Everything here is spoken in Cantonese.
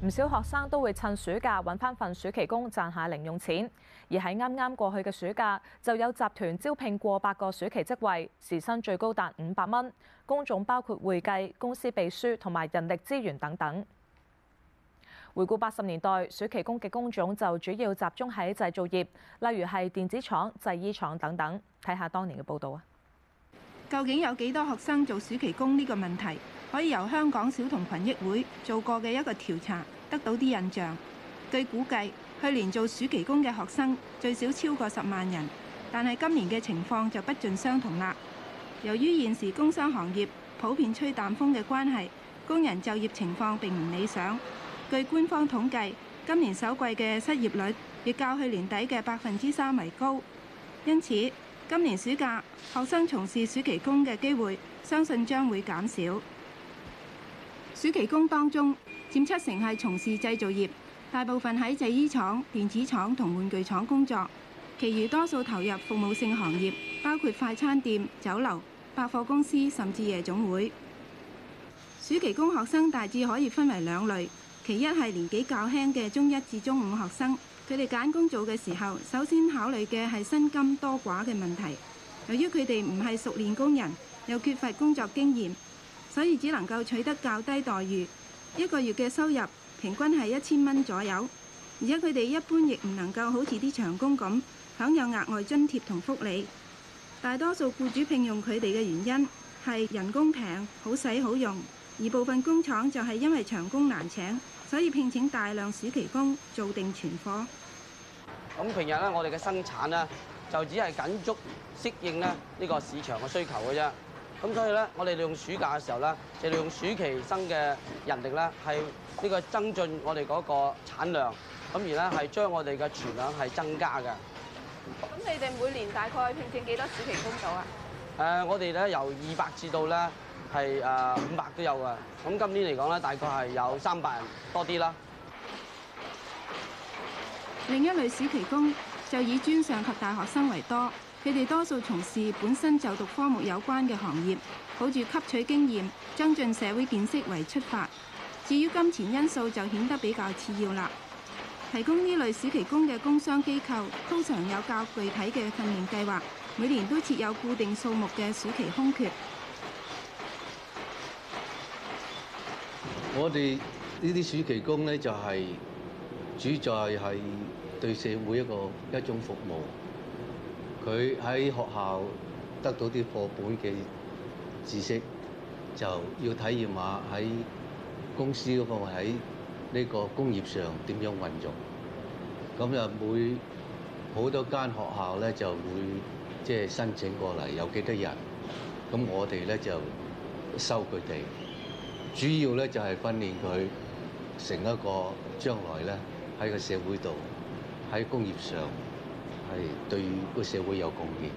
唔少學生都會趁暑假揾翻份暑期工賺下零用錢，而喺啱啱過去嘅暑假，就有集團招聘過百個暑期職位，時薪最高達五百蚊，工種包括會計、公司秘書同埋人力資源等等。回顧八十年代，暑期工嘅工種就主要集中喺製造業，例如係電子廠、製衣廠等等。睇下當年嘅報道啊！究竟有幾多學生做暑期工呢個問題，可以由香港小童群益會做過嘅一個調查得到啲印象。據估計，去年做暑期工嘅學生最少超過十萬人，但係今年嘅情況就不盡相同啦。由於現時工商行業普遍吹淡風嘅關係，工人就業情況並唔理想。據官方統計，今年首季嘅失業率亦較去年底嘅百分之三為高，因此今年暑假學生從事暑期工嘅機會相信將會減少。暑期工當中，佔七成係從事製造業，大部分喺製衣廠、電子廠同玩具廠工作，其餘多數投入服務性行業，包括快餐店、酒樓、百貨公司甚至夜總會。暑期工學生大致可以分為兩類，其一係年紀較輕嘅中一至中五學生，佢哋揀工做嘅時候，首先考慮嘅係薪金多寡嘅問題。由於佢哋唔係熟練工人，又缺乏工作經驗。所以只能夠取得較低待遇，一個月嘅收入平均係一千蚊左右。而且佢哋一般亦唔能夠好似啲長工咁享有額外津貼同福利。大多數僱主聘用佢哋嘅原因係人工平，好使好用。而部分工廠就係因為長工難請，所以聘請大量暑期工做定存貨。咁平日呢，我哋嘅生產呢，就只係緊足適應呢呢個市場嘅需求嘅啫。咁所以咧，我哋利用暑假嘅時候咧，就利用暑期生嘅人力咧，係呢個增進我哋嗰個產量，咁而咧係將我哋嘅存量係增加嘅。咁你哋每年大概聘請幾多暑期工到啊？誒，我哋咧由二百至到咧係誒五百都有嘅。咁今年嚟講咧，大概係有三百人多啲啦。另一類暑期工就以專上及大學生為多。佢哋多數從事本身就讀科目有關嘅行業，抱住吸取經驗、增進社會見識為出發。至於金錢因素就顯得比較次要啦。提供呢類暑期工嘅工商機構通常有較具體嘅訓練計劃，每年都設有固定數目嘅暑期空缺。我哋呢啲暑期工呢，就係主在係對社會一個一種服務。佢喺學校得到啲課本嘅知識，就要體驗下喺公司嗰個、喺呢個工業上點樣運用，咁就每好多間學校咧就會即係、就是、申請過嚟，有幾多人？咁我哋咧就收佢哋，主要咧就係訓練佢成一個將來咧喺個社會度喺工業上係對個社會有貢獻。